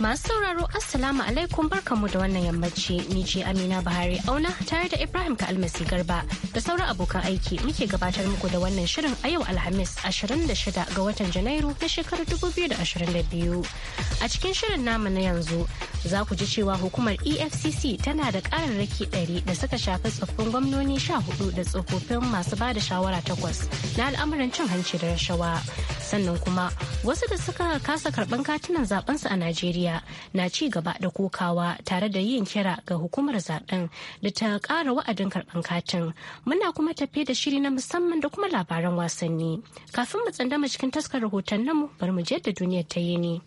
Masu sauraro Assalamu alaikum barkanmu da wannan yammaci ni ce Amina Buhari Auna tare da Ibrahim ka almasi Garba da sauran abokan aiki muke gabatar muku da wannan shirin a yau Alhamis 26 ga watan Janairu na shekarar 2022. A cikin shirin namu na yanzu za ku ji cewa hukumar EFCC tana da raki 100 da suka shafi tsoffin gwamnoni 14 da tsofaffin masu ba da shawara takwas na al'amuran cin hanci da rashawa sannan kuma wasu da suka kasa karɓan katunan zaɓensu a Najeriya Nijeriya na ci gaba da kokawa tare da yin kira ga hukumar zaben da ta kara wa'adin karɓan katin muna kuma tafe da shiri na musamman da kuma labaran wasanni kafin mu tsandama cikin taskar namu bari mu je da duniyar ta yi ne.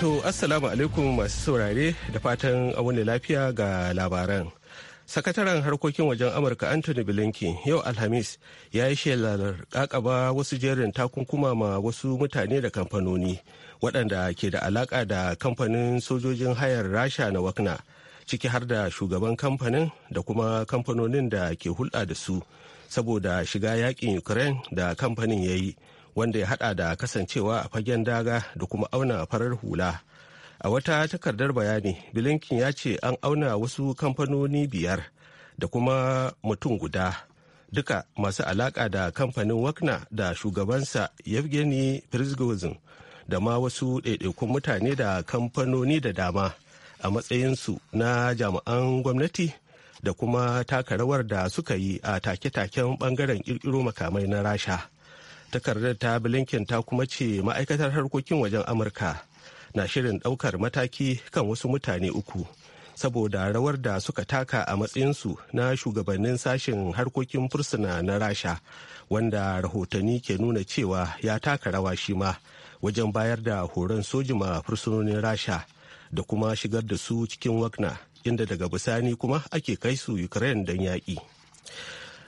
To, Assalamu alaikum masu saurare da fatan wani lafiya ga labaran. sakataren harkokin wajen amurka anthony blinken yau alhamis ya yi shelar kakaba wasu jerin takunkuma ma wasu mutane da kamfanoni waɗanda ke da alaƙa da kamfanin sojojin hayar rasha na wakna ciki har da shugaban kamfanin da kuma kamfanonin da ke hulɗa da su saboda shiga yaƙin ukraine da kamfanin ya yi wanda ya haɗa da kasancewa a fagen daga da kuma auna farar hula a wata takardar bayani bilinkin ya ce an auna wasu kamfanoni biyar da kuma mutum guda duka masu alaka da kamfanin wakna da shugabansa yevgeny prisgozin da ma wasu ɗaiɗaikun mutane da kamfanoni da dama a matsayinsu na jami'an gwamnati da kuma taka rawar da suka yi a take-taken ɓangaren ƙirƙiro makamai na rasha takardar ta blinken ta kuma ce ma'aikatar harkokin wajen amurka na shirin ɗaukar mataki kan wasu mutane uku saboda rawar da suka taka a matsayinsu na shugabannin sashen harkokin fursuna na rasha wanda rahotanni ke nuna cewa ya taka rawa shi ma wajen bayar da horon sojima fursunonin rasha da kuma shigar da su cikin wakna inda daga bisani kuma ake kai su ukraine don yaƙi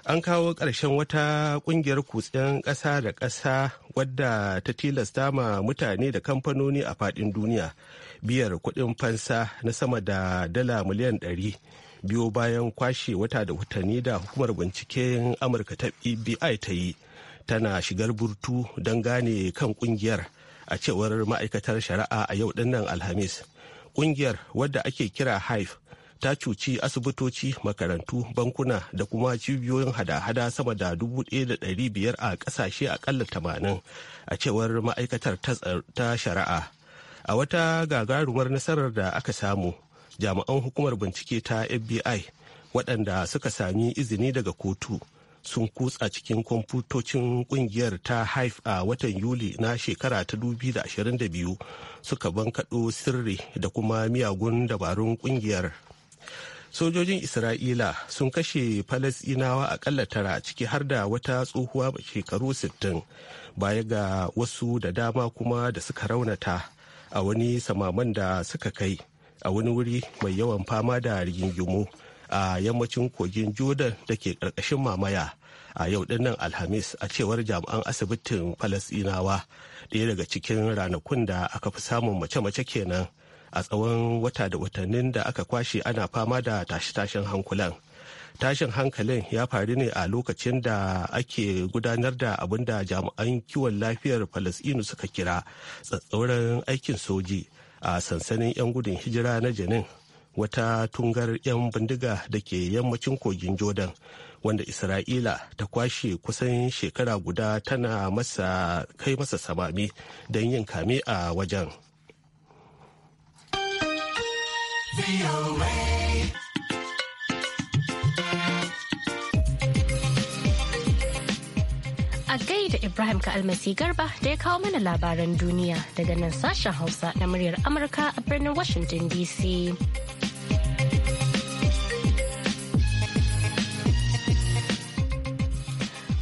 an kawo ƙarshen wata ƙungiyar kutsen ƙasa da ƙasa wadda ta tilasta ma mutane da kamfanoni a faɗin duniya biyar kuɗin fansa na sama da dala miliyan ɗari biyo bayan kwashe wata da watanni da hukumar binciken amurka ta e bbi ta yi tana shigar burtu don gane kan ƙungiyar a cewar ma'aikatar shari'a a yau dinnan alhamis ƙungiyar wadda ake kira hive ta cuci asibitoci makarantu bankuna da kuma cibiyoyin hada-hada sama da 1,500 a kasashe akalla 80 a cewar ma'aikatar ta shari'a a wata gagarumar nasarar da aka samu jami'an hukumar bincike ta fbi waɗanda suka sami izini daga kotu sun kutsa cikin kwamfutocin kungiyar ta haif a watan yuli na shekara ta 2022 suka bankaɗo sirri da kuma miyagun dabarun kungiyar sojojin isra'ila sun kashe falasinawa akalla tara ciki har da wata tsohuwa shekaru 60 baya ga wasu da dama kuma da suka raunata a wani samaman da suka kai a wani wuri mai yawan fama da rigingimu a yammacin kogin jordan da ke ƙarƙashin mamaya a yau dinnan alhamis a cewar jami'an asibitin falasinawa ɗaya daga cikin ranakun da aka fi samun mace-mace kenan a tsawon wata da watannin da aka kwashe ana fama da tashe-tashen hankulan tashin hankalin ya faru ne a lokacin da ake gudanar da abin da jami'an kiwon lafiyar falasɗinu suka kira tsatsauran aikin soji a sansanin 'yan gudun hijira na janin wata tungar 'yan bindiga da ke yammacin kogin jordan wanda isra'ila ta kwashe kusan shekara guda tana kai masa samami don yin kame a wajen A gaida Ibrahim ka almasi garba da ya kawo mana labaran duniya daga nan sashen Hausa na muryar Amurka a birnin Washington DC.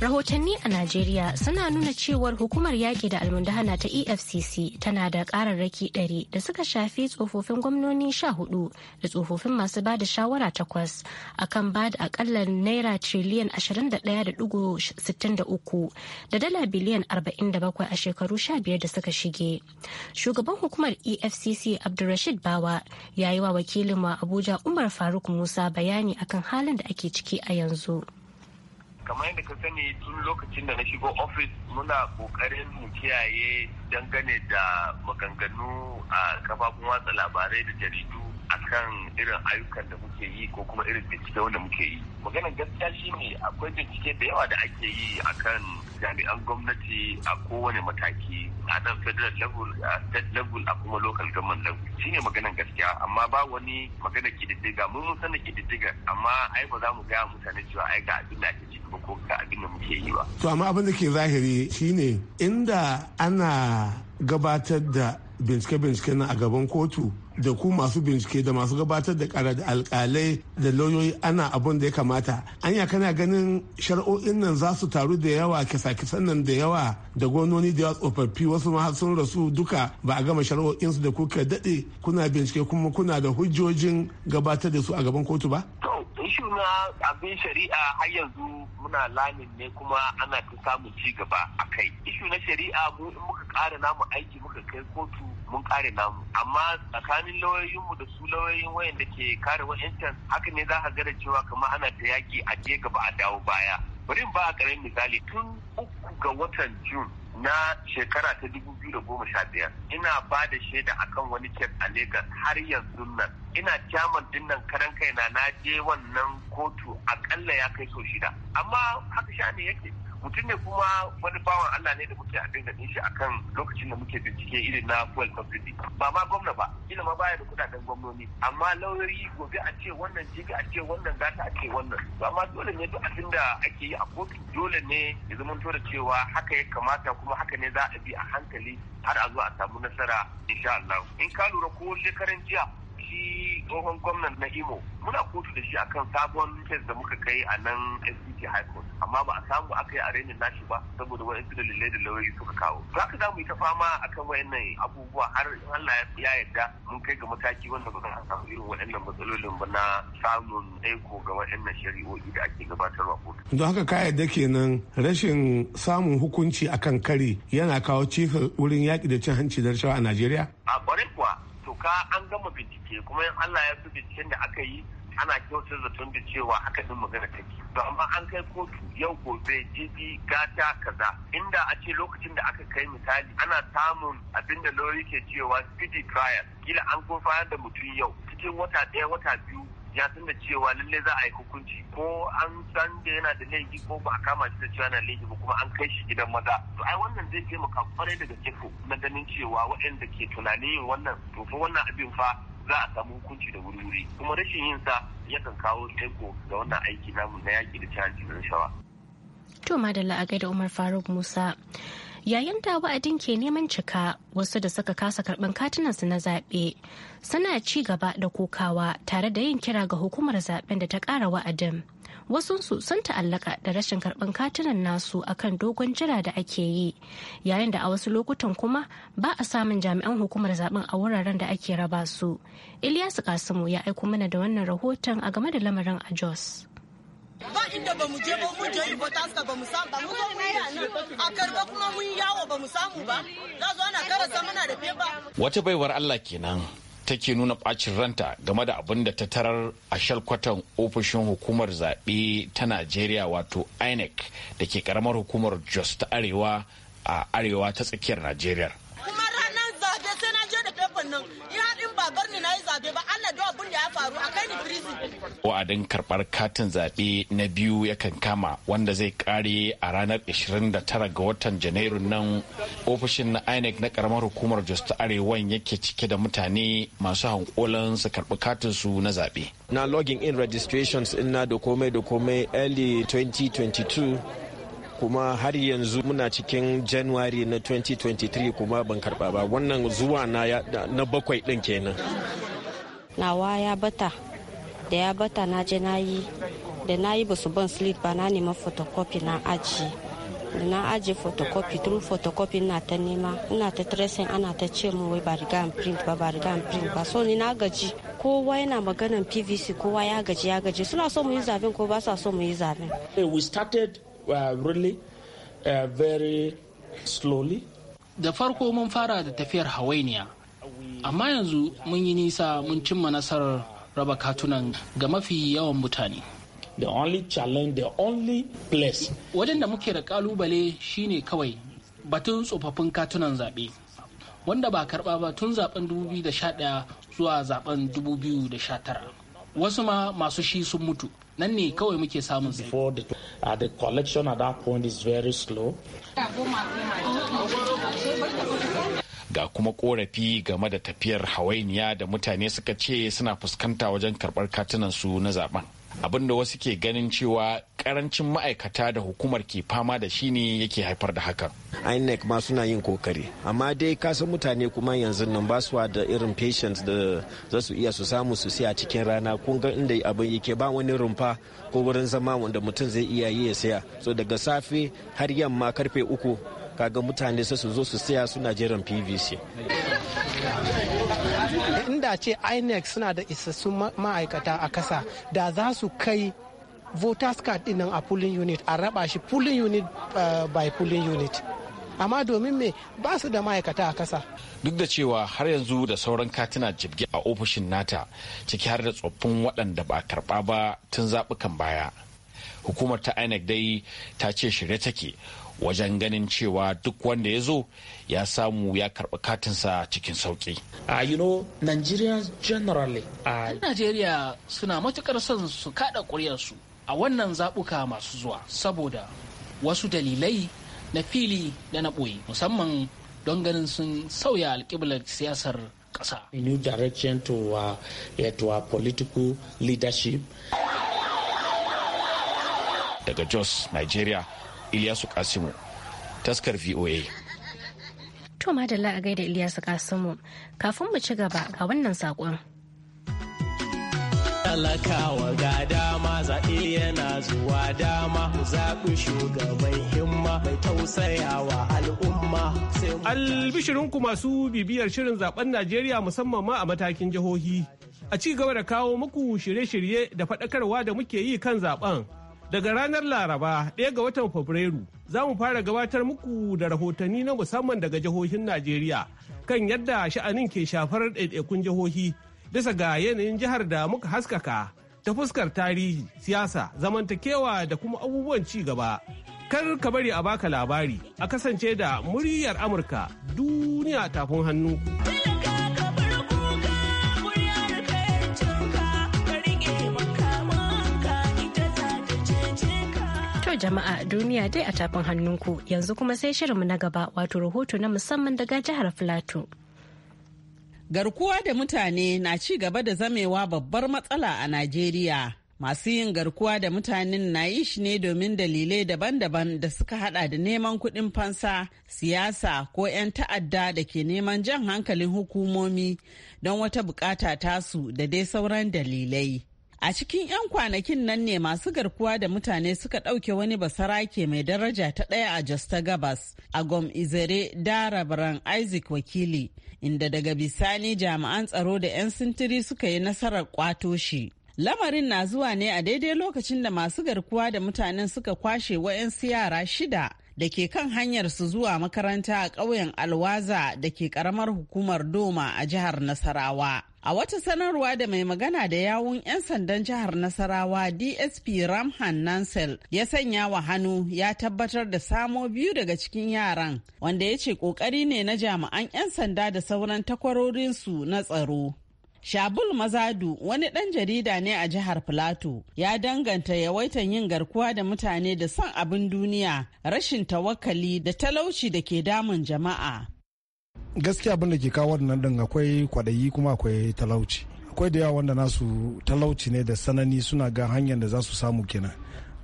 rahotanni a najeriya suna nuna cewar hukumar yaƙi da almundahana ta efcc tana da ƙararraki ɗari da suka shafi tsofaffin gwamnoni sha hudu da tsofaffin masu ba da shawara takwas akan ba da akalla naira triliyan 21.63 da dala biliyan 47 a shekaru sha biyar da suka shige shugaban hukumar efcc abdulrashid bawa ya yi wa wakilin abuja umar faruk musa bayani akan halin da ake ciki a yanzu. kamar yadda ka sani tun lokacin da na shigo ofis muna kokarin mu kiyaye dangane da maganganu a kafafun watsa labarai da jaridu akan irin ayyukan da muke yi ko kuma irin bincike wanda muke yi maganar gaskiya shine akwai bincike da yawa da ake yi akan jami'an gwamnati a kowane mataki a nan federal level a state level a kuma local government level shine maganar gaskiya amma ba wani magana kididdiga mun sanin kididdiga amma ai ba za mu gaya mutane cewa ai ga abin da ake ba ko ka abin muke yi ba. To amma abin da ke zahiri shine inda ana gabatar da bincike-bincike na a gaban kotu da ku masu bincike da masu gabatar da kara da alkalai da lauyoyi ana abun da ya kamata anya kana ganin shari'o'in nan za su taru da yawa kisa-kisan nan da yawa da gononi da yawa tsofaffi wasu ma sun rasu duka ba a gama su da kuka daɗe kuna bincike kuma kuna da hujjojin gabatar da su a gaban kotu ba? ishu na abin shari'a har yanzu muna lamin ne kuma ana ta samun ci gaba a kai ishu na shari'a mu in muka ƙara namu aiki muka kai kotu mun kare namu amma tsakanin lauyoyinmu da su lauyoyin wayanda ke kare wa'yancan haka ne za ka ga da cewa kamar ana ta yaki a je gaba a dawo baya bari ba a karamin misali tun uku ga watan jun na shekara ta dubu biyu da goma sha biyar ina ba da shaida akan wani kes a Legas har yanzu nan ina kyaman dinnan karan kaina na je wannan kotu akalla ya kai sau shida amma haka sha ne yake mutum ne kuma wani bawan Allah ne da muke a dinga shi akan lokacin da muke bincike irin na fuel subsidy ba ma gwamna ba ina ma baya da kudaden gwamnoni amma lauyoyi gobe a ce wannan jiga a ce wannan gata a ce wannan ba ma dole ne duk abin da ake yi a kotu dole ne ya zama da cewa haka ya kamata kuma haka ne za a bi a hankali har a zo a samu nasara insha Allah in ka lura ko shekaran jiya shi tsohon gwamnan na imo muna kotu da shi akan sabon kes da muka kai a nan SDT High Court amma ba a samu aka yi renin nashi ba saboda wa'insu dalilai da lauyoyi suka kawo za ka mu yi ta fama akan wayannan abubuwa har in Allah ya yarda mun kai ga mataki wanda ba za a samu irin waɗannan matsalolin ba na samun aiko ga wayannan shari'o'i da ake gabatarwa kotu. Don haka ka yarda kenan rashin samun hukunci akan kari yana kawo cikin wurin yaƙi da cin hanci da rashawa a Najeriya? A kwarai kuwa doka an gama bincike kuma in Allah ya fi binciken da aka yi ana kyautar zaton da cewa aka din magana take to amma an kai kotu yau gobe jibi gata kaza inda a ce lokacin da aka kai misali ana samun abinda lori ke cewa speedy trial kila an gurfanar da mutum yau cikin wata ɗaya wata biyu ya san da cewa lalle za a yi hukunci ko an san da yana da laifi ko ba a kama shi da cewa yana laifi ba kuma an kai shi gidan maza to ai wannan zai taimaka kwarai daga kifo na ganin cewa waɗanda ke tunanin wannan to fa wannan abin fa za a samu hukunci da wuri-wuri kuma rashin yin sa yakan kawo taiko ga wannan aiki namu na yaki da cin hanci da rashawa. To madalla a gaida Umar Faruk Musa. yayin da wa'adin ke neman cika wasu da suka kasa karɓar katunansu na zaɓe suna ci gaba da kokawa tare da yin kira ga hukumar zaɓen da ta ƙara wa'adin wasunsu sun ta'allaka da rashin karɓar katunan nasu akan dogon jira da ake yi yayin da a wasu lokutan kuma ba a samun jami'an hukumar zaɓen a wuraren da ake raba su ilyasu kasimu ya aiko mana da wannan rahoton a game da lamarin a jos ba inda ba mu je ba mun je Ibo taska ba mu samu ba mu zo mun yi a karba kuma mun yawo ba mu samu ba za zo ana karasa muna da ba. wata baiwar Allah kenan take nuna bacin ranta game da abin da ta tarar a shalkwatan ofishin hukumar zaɓe ta najeriya wato inec da ke karamar hukumar jos ta arewa a arewa ta tsakiyar najeriya kuma ranar zaɓe sai na je da fefan nan ina haɗin babar ni na yi zaɓe ba abin wa'adin karbar katin zaɓe na biyu yakan kama wanda zai kare a ranar 29 ga watan janairu nan ofishin na inec na karamar hukumar jos ta arewan yake cike da mutane masu hankulan su karbi katin su na zaɓe na logging in registrations ina da komai da komai early 2022 kuma har yanzu muna cikin january na 2023 kuma ban karba ba wannan zuwa na bakwai din kenan nawa ya bata da ya bata na je na yi da na yi basu ban slip ba na neman photocopy na aji da na aji photocopy tun photocopy na ta nema ina ta tracing ana ta ce mu wai ba riga print ba ba riga print ba so ni na gaji kowa yana maganan pvc kowa ya gaji ya gaji suna so mu yi zaben ko ba sa so mu yi zaben we started uh, really uh, very slowly da farko mun fara da tafiyar hawainiya amma yanzu mun yi nisa mun cimma nasarar raba katunan ga mafi yawan mutane the only challenge the only place wajen da muke da kalubale shine kawai batun tsofaffin katunan zaɓe wanda ba karɓa ba tun zaben 2011 zuwa zaben 2019 wasu ma masu shi sun mutu nan ne kawai muke samun sai. Uh, the collection at that point is very slow. ga kuma korafi game da tafiyar hawainiya da mutane suka ce suna fuskanta wajen katunan katunansu na zaben abin da wasu ke ganin cewa karancin ma'aikata da hukumar ke fama da shi ne yake haifar da hakan. inec ma suna yin kokari amma dai kasan mutane kuma yanzu nan ba su da irin patients da za su iya su samu su siya cikin rana kun ga inda abin yake ba wani rumfa ko wurin zama wanda mutum zai iya yi ya siya so daga safe har yamma karfe uku kaga mutane su zo su siya suna jiran pvc inda ce inec suna da isassun ma'aikata a kasa da za su kai voters card dinnan a polling unit a raba shi polling unit eh, by polling unit amma domin me ba su da ma'aikata a kasa duk da cewa har yanzu da sauran katina jibge a ofishin nata ciki har da tsoffin waɗanda ba karba ba tun zaɓukan baya hukumar ta inec dai ta ce shirye take wajen ganin cewa duk wanda ya zo ya samu ya karɓi katinsa cikin sauƙi. A ah, you know, Nigerians generally. Ah, Najeriya suna matuƙar son su kaɗa ƙuryarsu a wannan zaɓuka masu zuwa saboda wasu dalilai na fili da na ɓoye musamman don ganin sun sauya alƙiblar siyasar ƙasa. New direction to, ah, to our political leadership. Daga Jos, Nigeria. Ilyasu Kasimu, taskar VOA. To madalla a gaida Ilyasu Kasimu, kafin mu ci gaba ga wannan saƙon. Talakawa ga dama zaɓe yana zuwa dama zaɓi shugaban himma mai tausayawa al'umma. Albishirinku masu bibiyar shirin zaɓen Najeriya musamman ma a matakin jihohi. A ci gaba da kawo muku shirye-shirye da faɗakarwa da muke yi kan zaɓen. Daga ranar Laraba ɗaya ga watan Fabrairu za mu fara gabatar muku da rahotanni na musamman daga jihohin Najeriya kan yadda sha'anin ke shafar ɗaiɗaikun jihohi bisa ga yanayin jihar da muka haskaka ta fuskar tarihi, siyasa, zamantakewa da kuma abubuwan ci gaba. Kar ka bari a baka labari a kasance da muryar Amurka duniya tafin hannu. To jama'a duniya dai a tafin hannunku yanzu kuma sai shirinmu na gaba wato rahoto na musamman daga jihar Filato. Garkuwa da mutane na ci gaba da zamewa babbar matsala a Najeriya. Masu yin garkuwa da mutanen na yi shi ne domin dalilai daban-daban da suka hada da neman kuɗin fansa, siyasa ko 'yan ta'adda da ke neman jan hankalin hukumomi don wata bukata tasu da dai sauran dalilai. A cikin 'yan kwanakin nan ne masu garkuwa da mutane suka ɗauke wani basarake mai daraja ta ɗaya a Jos Gabas, a Gom Izere darabran Isaac Wakili, inda daga bisani jami'an tsaro da 'yan sintiri suka yi nasarar kwato shi. Lamarin na zuwa ne a daidai lokacin da masu garkuwa da mutanen suka kwashe wa'yansu yara shida da ke kan hanyar su zuwa makaranta a ƙauyen Alwaza da ke ƙaramar hukumar Doma a jihar Nasarawa. A wata sanarwa da mai magana da yawun 'yan sandan jihar Nasarawa DSP Ramhan Nansel ya sanya wa hannu ya tabbatar da samo biyu daga cikin yaran wanda ya ce kokari ne na jami'an 'yan sanda da sauran takwarorinsu na tsaro. Shabul Mazadu wani ɗan jarida ne a jihar Filato ya danganta yawaitan yin garkuwa da mutane da son abin duniya rashin tawakali da talauci da ke damun jama'a. gaskiya abin da ke kawo wannan din akwai kwaɗayi kuma akwai talauci akwai da yawa wanda nasu talauci ne da sanani suna ga hanyar da za su samu kenan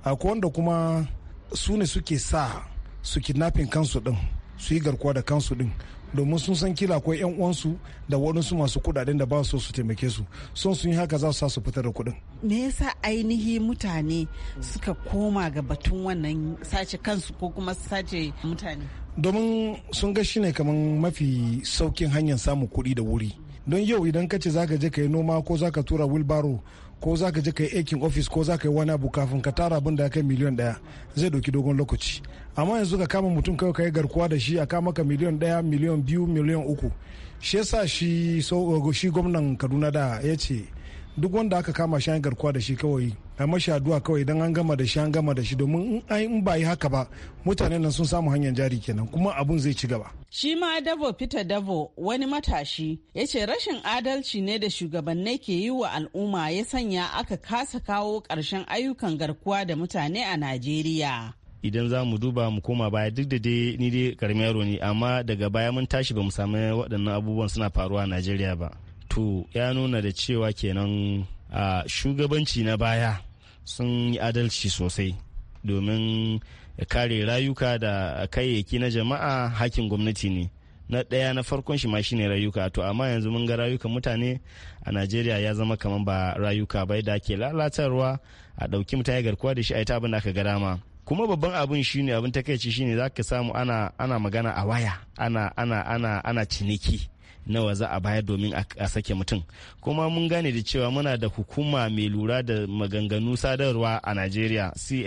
akwai wanda kuma su ne suke sa su kidnapping kansu din su yi garkuwa da kansu din domin sun san kila akwai yan uwansu da waɗansu masu kudaden da ba su su taimake su son sun yi haka za su sa su fitar da kuɗin. me yasa ainihi mutane suka koma ga batun wannan sace kansu ko kuma sace mutane domin sun ga shi ne kamar mafi saukin hanyar samun kuɗi da wuri don yau idan ka ce zaka je ka yi noma ko zaka tura wilbaro ko zaka je ka yi aikin ofis ko zaka yi wani abu kafin ka tara abin da ya kai miliyan daya zai doki dogon lokaci amma yanzu ka kama mutum kawai ka yi garkuwa da shi a kama ka miliyan daya miliyan biyu miliyan uku shi yasa shi gwamnan kaduna da ya ce duk wanda aka kama shi an garkuwa da shi kawai a mashi addu'a kawai idan an gama da shi an gama da shi domin in ba yi haka ba mutane nan sun samu hanyar jari kenan kuma abun zai ci gaba shi ma davo peter davo wani matashi ya ce rashin adalci ne da shugabannai ke yi wa al'umma ya sanya aka kasa kawo karshen ayyukan garkuwa da mutane a najeriya idan za mu duba mu koma baya duk da dai ni dai karamin yaro ne amma daga baya mun tashi ba mu samu waɗannan abubuwan suna faruwa a najeriya ba to ya nuna da cewa kenan a shugabanci na baya sun yi adalci sosai domin kare rayuka da kayayyaki na jama'a hakin gwamnati ne na ɗaya na farkon shi ma shine rayuka to amma yanzu mun ga rayukan mutane a najeriya ya zama kamar ba rayuka bai da ke lalatarwa a ɗauki mutane garkuwa da shi a ita abin da aka ga dama kuma babban abin ne abin takaici shine za ka samu ana magana a waya ana ana ciniki nawa za a bayar domin a sake mutum kuma mun gane da cewa muna da hukuma mai lura da maganganu sadarwa a nigeria ncc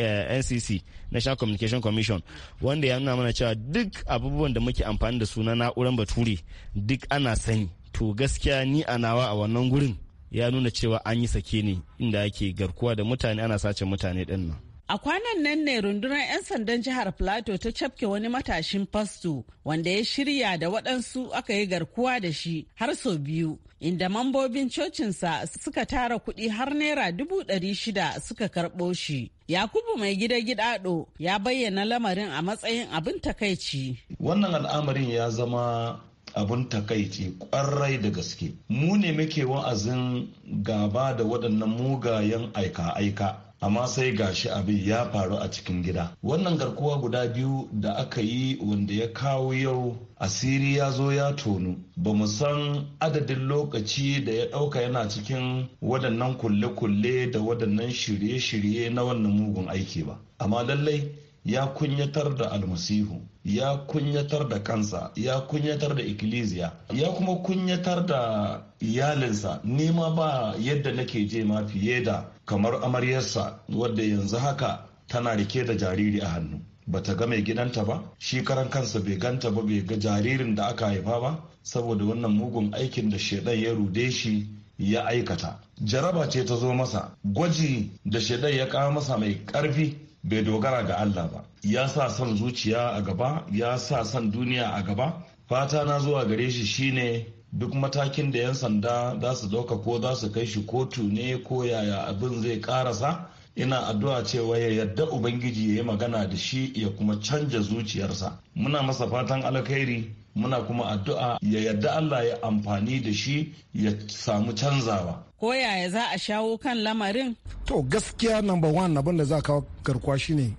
eh, national communication commission wanda ya nuna mana cewa duk abubuwan da muke amfani da su na na'uran bature duk ana sani to gaskiya ni a nawa a wannan gurin ya nuna cewa an yi sake ne inda ake garkuwa da mutane ana sace mutane din nan A kwanan nan ne rundunar 'yan sandan jihar Plateau ta cafke wani matashin fasto wanda ya shirya da waɗansu aka yi garkuwa da shi har sau biyu, inda mambobin cocinsa suka tara kuɗi har naira dubu ɗari shida suka karɓo shi. Yakubu mai gida gidado ya bayyana lamarin a matsayin abin takaici. Wannan al'amarin ya zama abun takaici kwarai da gaske. Mu ne muke wa'azin gaba da waɗannan mugayen aika-aika. amma sai gashi abin ya faru a cikin gida wannan garkuwa guda biyu da aka yi wanda ya kawo yau asiri ya zo ya tonu ba mu san adadin lokaci da ya ɗauka yana cikin waɗannan kulle-kulle da waɗannan shirye-shirye na wannan mugun aiki ba amma lallai ya kunyatar da almasihu ya kunyatar da kansa ya kunyatar da ikkilisiya ya kuma kunyatar da iyalinsa nema ba yadda nake je ma fiye da kamar amaryarsa wadda yanzu haka tana rike da jariri a hannu bata ga mai gidanta ba shi karan kansa bai ganta ba bai ga jaririn da aka haifa ba saboda wannan mugun aikin da shedan ya rude shi ya aikata jaraba ce ta zo masa gwaji da shedan ya kawo masa mai karfi bai dogara ga Allah ba ya sa son zuciya a gaba ya sa son duniya a gaba fata na zuwa gare shi shine duk matakin da 'yan sanda za su dauka ko za su kai shi kotu ne ko yaya abin zai karasa ina addu'a cewa ya yadda ubangiji ya yi magana da shi ya kuma canja zuciyarsa muna masa fatan alkhairi muna kuma addu'a ya yadda allah ya amfani da shi ya samu canzawa ko yaya za a shawo kan lamarin? To gaskiya number one abin da za ka garkuwa garkuwa shine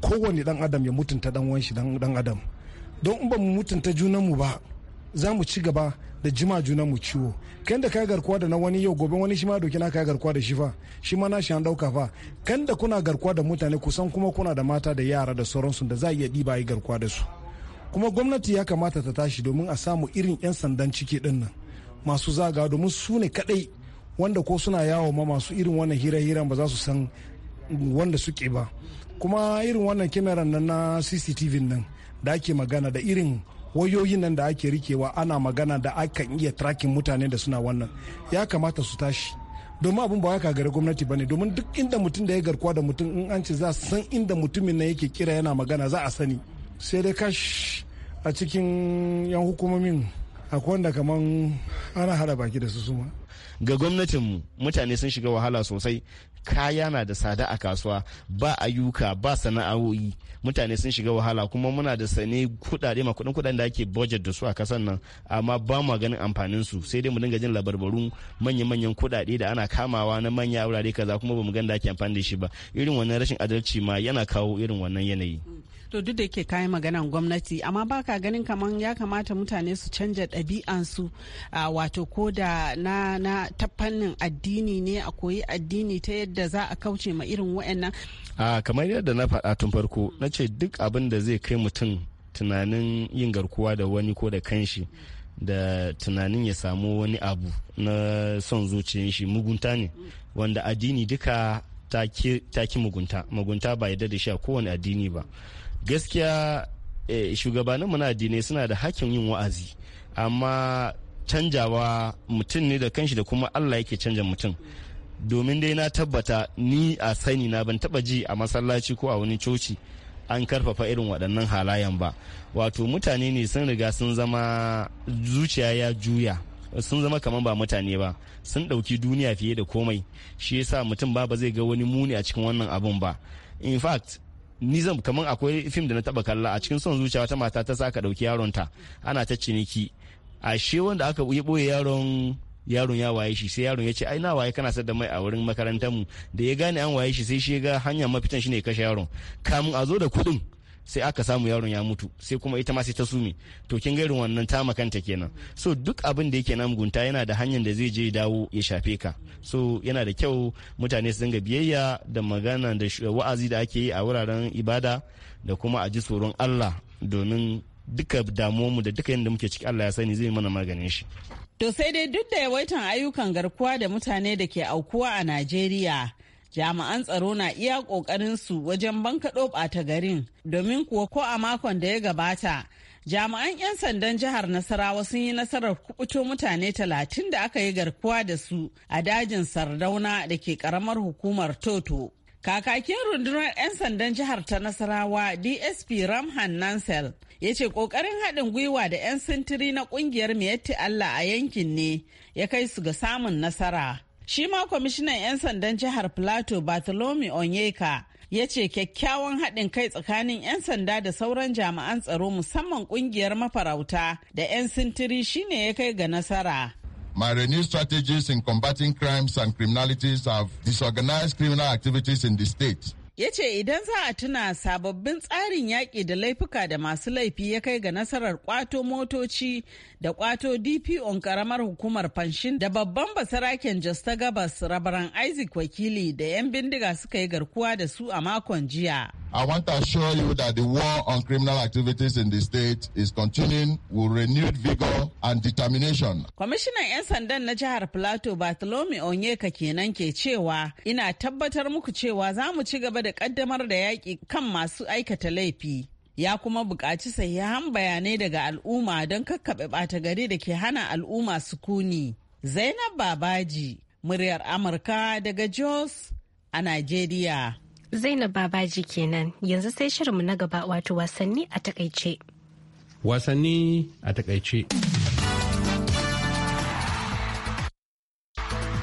kowane dan adam ya mutunta dan wanshi dan adam. Don in ba mu mutunta junanmu ba za mu ci gaba da jima junanmu ciwo. Kan da ka garkuwa da na wani yau gobe wani shi ma doki na ka garkuwa da shi fa shi ma shi an dauka fa. Kan da kuna garkuwa da mutane kusan kuma kuna da mata da yara da sauransu da za a iya diba yi garkuwa da su. Kuma gwamnati ya kamata ta tashi domin a samu irin 'yan sandan ciki dinnan masu zaga domin su ne kadai wanda ko suna yawo ma masu irin wannan hira-hiran ba za su san wanda suke ba kuma irin wannan kyamarar nan na cctv nan da ake magana da irin wayoyin nan da ake rikewa ana magana da akan iya tracking mutane da suna wannan ya kamata su tashi domin abin ba wai ka gari gwamnati bane domin duk inda mutum da ya garkuwa da mutum in an ce za san inda mutumin nan yake kira yana magana za a sani sai dai kash a cikin yan hukumomin akwai wanda kaman ana hada baki da su suma ga gwamnatinmu mutane sun shiga wahala sosai kaya na da tsada a kasuwa ba ayyuka ba sana'o'i mutane sun shiga wahala kuma muna da sane kudade ma kudin kudaden da ake budget da su a kasan nan amma ba mu ganin amfanin su sai dai mu dinga jin labarbarun manyan manyan kudade da ana kamawa na manya wurare kaza kuma ba mu gan da ake amfani da shi ba irin wannan rashin adalci ma yana kawo irin wannan yanayi mm. to duk da yake kayan maganan gwamnati amma baka ganin kaman ya kamata mutane su canja ɗabi'ansu wato ko da na na ta fannin addini ne a koyi addini ta yadda za a kauce ma irin waɗannan kamar yadda na faɗa tun farko na ce duk abin da zai kai mutum tunanin yin garkuwa da wani ko da kanshi da tunanin ya samu wani abu na son zuciyar shi mugunta ne wanda addini duka ta ki mugunta mugunta ba yadda da shi a kowane addini ba gaskiya eh, shugabannin na addinai suna da hakkin yin wa'azi amma canjawa mutum ne da kanshi da kuma allah yake canja mutum domin dai na tabbata ni a sani na ban taba ji a masallaci ko a wani coci an karfafa irin waɗannan halayen ba wato mutane ne sun riga sun zama zuciya ya juya sun zama kamar ba mutane ba sun ɗauki duniya fiye da komai shi yasa mutum ba ba zai ga wani muni a cikin wannan abun ba in fact ni zan kamar akwai fim da na taba kalla a cikin son zuciya wata mata ta saka dauki yaron ta ana ta ciniki ashe wanda aka yi boye yaron yaron ya waye shi sai yaron ya ce ai na waye kana sadda mai a wurin makarantar mu da ya gane an waye shi sai shi ga hanya mafitan shine ya kashe yaron kamun a zo da kudin sai aka samu yaron ya mutu sai kuma ita ma sai ta sumi to kin ga irin wannan ta makanta kenan so duk abin da yake na mugunta yana da hanyar da zai je dawo ya shafe ka so yana da kyau mutane su dinga biyayya da magana da wa'azi da ake yi a wuraren ibada da kuma a ji tsoron Allah domin duka damuwarmu da duka yadda muke ciki Allah ya sani zai mana maganin shi. To sai dai duk da yawaitan ayyukan garkuwa da mutane da ke aukuwa a Najeriya jami'an tsaro na iya ƙoƙarinsu wajen bankaɗo ɓata garin domin kuwa ko a makon da ya gabata jami'an 'yan sandan jihar nasarawa sun yi nasarar kubuto mutane talatin da aka yi garkuwa da su a dajin sardauna da ke karamar hukumar toto kakakin rundunar 'yan sandan jihar ta nasarawa dsp ramhan nansel ya ce kokarin haɗin gwiwa da 'yan sintiri na ƙungiyar miyatti allah a yankin ne ya kai su ga samun nasara Shi ma kwamishinan 'yan sandan jihar Plateau bartolome Onyeka ya ce kyakkyawan haɗin kai tsakanin 'yan sanda da sauran jami'an tsaro musamman ƙungiyar mafarauta da 'yan sintiri shine ya kai ga nasara. My renewed strategies in combating crimes and criminalities have disorganized criminal activities in the state. ya ce idan za a tuna sababbin tsarin yaƙi da laifuka da masu laifi ya kai ga nasarar kwato motoci da kwato dpo karamar hukumar fanshin da babban basaraken jos ta gabas rabaran isaac wakili da 'yan bindiga suka yi garkuwa da su a makon jiya I want to assure you that the war on criminal activities in the state is continuing with renewed vigor and determination. Kwamishinan 'yan sandan na jihar Plateau Bartholomew Onyeka kenan ke cewa ina tabbatar muku cewa za mu ci gaba da da kaddamar da yaƙi kan masu aikata laifi. Ya kuma buƙaci sahihan bayanai daga al'umma don kakkaɓe ɓata gari da ke hana al'umma sukuni. Zainab Babaji, muryar Amurka daga Jos a Najeriya. Zainab Babaji kenan yanzu sai shirinmu na gaba wato wasanni a takaice. Wasanni a takaice.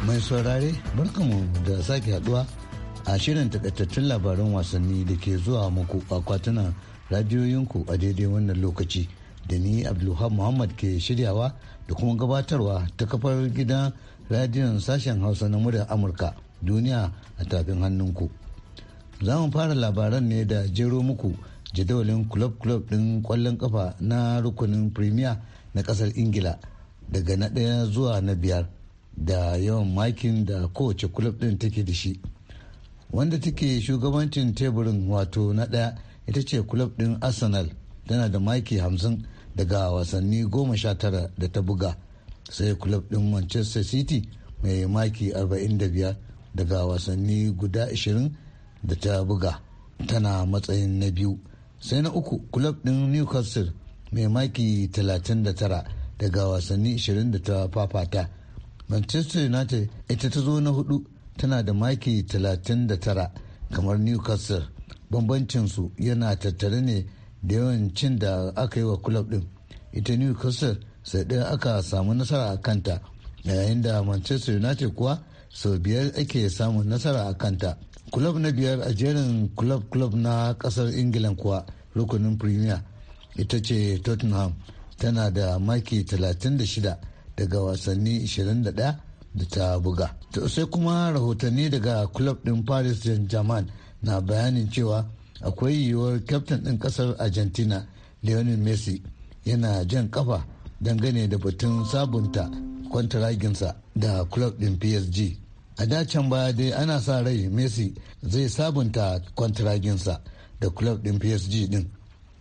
Mai saurare, barkamu da sake haduwa a shirin takaitattun labaran wasanni da ke zuwa muku akwatunan radiyoyinku a daidai wannan lokaci da ni abdulhab muhammad ke shiryawa da kuma gabatarwa ta kafar gidan radiyon sashen hausa na muryar amurka duniya a tafin hannunku za mu fara labaran ne da jero muku jadawalin club club din kwallon kafa na rukunin premier na kasar ingila daga na ɗaya zuwa na biyar da yawan makin da kowace club din take da shi wanda take shugabancin teburin wato na ɗaya ita ce kulob ɗin arsenal tana da maki hamsin daga wasanni goma sha tara da ta buga sai kulub ɗin manchester city mai maki 45 daga wasanni guda 20 da ta buga tana matsayin na biyu sai na uku kulob ɗin newcastle mai maki 39 daga wasanni 20 da ta fafata manchester united ita ta zo na hudu tana da maki 39 kamar newcastle bambancinsu yana tattare ne da yawan cin da aka yi wa club din ita newcastle sai ɗaya aka samu nasara a kanta yayin da manchester united kuwa sau biyar ake samun nasara a kanta kulob na biyar a jerin kulob kulob na kasar ingilan kuwa rukunin premier ita ce tottenham tana da maki 36 daga wasanni 21 da ta buga sai kuma rahotanni daga club din paris saint-germain na bayanin cewa akwai yiwuwar captain din kasar argentina lionel messi yana jan kafa dangane da batun sabunta kwantaraginsa da club din psg a dacen baya dai ana sa rai messi zai sabunta kwantaraginsa da club din psg din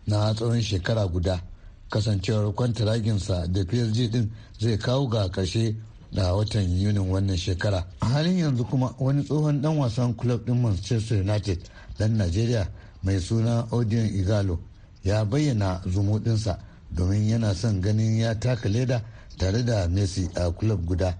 na tsawon shekara guda kasancewar kwantaraginsa da psg din zai kawo ga ƙarshe da watan Yuni wannan shekara a halin yanzu kuma wani tsohon dan wasan club din manchester united dan Nigeria mai suna odion igalo ya bayyana zumudinsa domin yana son ganin ya taka leda tare da messi a club guda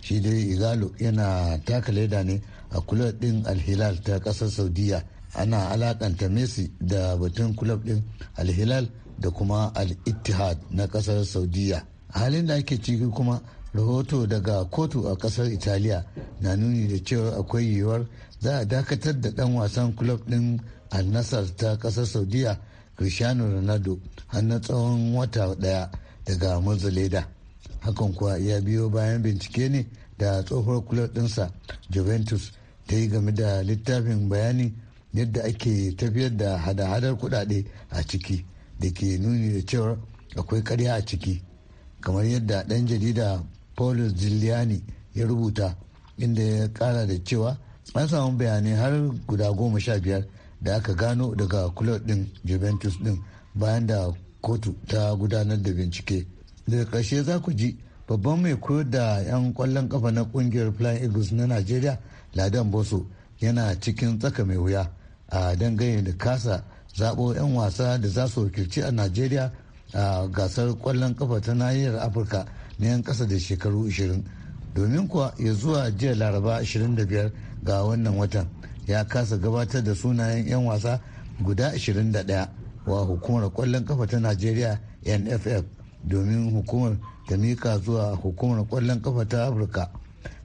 shi dai igalo yana taka leda ne a club din alhilal ta kasar saudiya ana alakanta messi da batun club din alhilal da kuma al-ittihad na kasar saudiya halin da ake ciki kuma rahoto daga kotu a kasar italiya na nuni da cewa akwai yiwuwar za a dakatar da dan wasan kulob din al ta kasar saudiya cristiano ronaldo har na tsawon wata daya daga mazaleda hakan kuwa ya biyo bayan bincike ne da tsohuwar kulob dinsa juventus ta yi game da littafin bayani yadda ake tafiyar da hada-hadar kudade a ciki da ke nuni da cewar akwai karya a ciki kamar yadda dan jarida paulus giuliani ya rubuta inda ya kara da cewa an samu bayanai har guda goma sha biyar da aka gano daga kulob din juventus din bayan da kotu ta gudanar da bincike daga ƙarshe za ku ji babban mai koyar da 'yan kwallon kafa na kungiyar flying eagles na nigeria ladan boso yana cikin tsaka mai wuya a dangane da kasa zaɓo 'yan wasa da za su wakilci a nigeria a gasar kwallon kafa ta nahiyar afirka na 'yan kasa da shekaru 20 domin kuwa ya zuwa jiya laraba 25 ga wannan watan ya kasa gabatar da sunayen 'yan wasa guda 21 wa hukumar kwallon kafa ta najeriya nff domin hukumar ta mika zuwa hukumar kwallon kafa ta afirka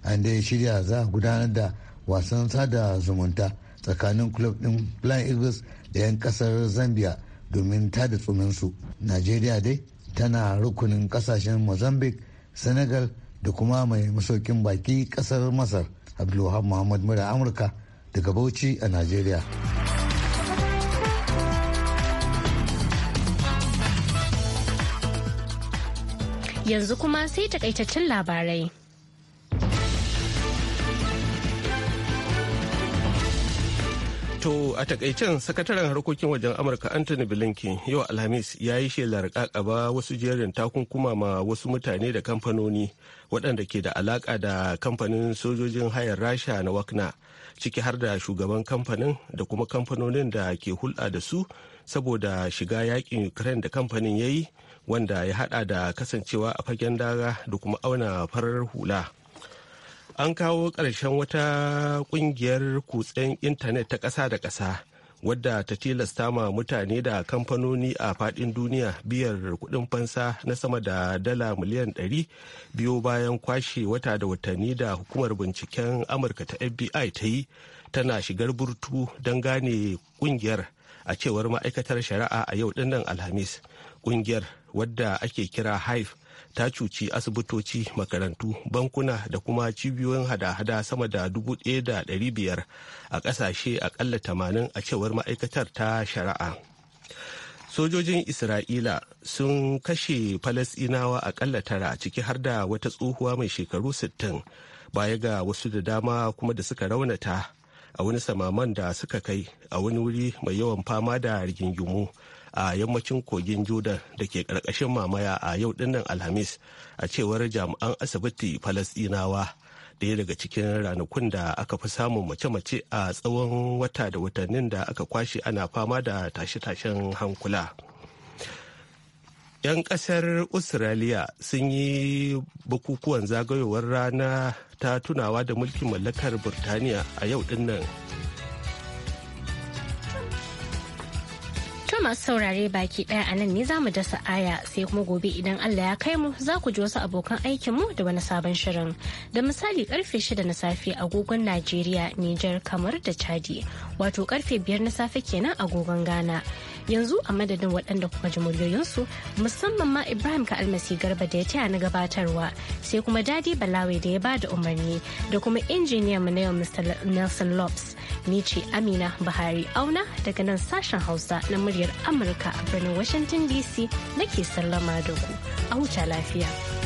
an dai shirya za a gudanar da wasan sada zumunta tsakanin club din flying eagles da 'yan kasar zambia domin tada tsuminsu najeriya dai tana rukunin kasashen mozambique senegal da kuma mai masaukin baki kasar masar abdulwahab muhammad mura amurka daga bauchi a nigeria yanzu kuma sai takaitaccen labarai To a takaicen sakataren harkokin wajen Amurka Anthony Blinken yau Alhamis ya yi shelar kakaba wasu jerin takunkuma ma wasu mutane da kamfanoni waɗanda ke da alaƙa da kamfanin sojojin hayar Rasha na Wakna ciki har da shugaban kamfanin da kuma kamfanonin da ke hulɗa da su saboda shiga yakin Ukraine da kamfanin ya yi wanda ya haɗa da kasancewa a fagen daga da kuma auna farar hula. an kawo ƙarshen wata ƙungiyar kutsen intanet ta ƙasa da ƙasa wadda ta tilasta ma mutane da kamfanoni a faɗin duniya biyar kuɗin fansa na sama da dala miliyan ɗari biyo bayan kwashe wata da watanni da hukumar binciken amurka ta fbi ta yi tana shigar burtu don gane ƙungiyar a cewar ma'aikatar shari'a a yau dinnan alhamis ƙungiyar wadda ake kira hive ta cuci asibitoci makarantu bankuna da kuma cibiyoyin hada-hada sama da biyar a ƙasashe akalla 80 a cewar ma'aikatar ta shari'a sojojin isra'ila sun kashe falasinawa akalla tara ciki har da wata tsohuwa mai shekaru 60 baya ga wasu da dama kuma da suka raunata a wani samaman da suka kai a wani wuri mai yawan fama da rigingimu a yammacin kogin jordan da ke ƙarƙashin mamaya a yau dinnan alhamis a cewar jami'an asibiti falasɗinawa ɗaya daga cikin ranakun da aka fi samun mace-mace a tsawon wata da watannin da aka kwashe ana fama da tashe-tashen hankula. 'Yan ƙasar Australia sun yi bukukuwan zagayowar rana ta tunawa da mulkin mallakar Burtaniya a yau dinnan To masu saurare baki ɗaya a nan ne za mu dasa aya sai kuma gobe idan Allah ya kai mu za ku ji wasu abokan aikin mu da wani sabon shirin. Da misali karfe shida na safe agogon Najeriya, Nijar, kamar da Chadi. Wato karfe biyar na safe kenan agogon Ghana. Yanzu a madadin waɗanda kuma ji muryoyinsu musamman ma Ibrahim ka almasi garba da ya taya na gabatarwa sai kuma Dadi Balawe da ya ba da umarni da kuma injiniyan mu na yau Mr. Nelson Lopes. Ni ce Amina bahari Auna daga nan sashen Hausa na muryar Amurka a birnin Washington DC nake sallama da ku. A wuta lafiya.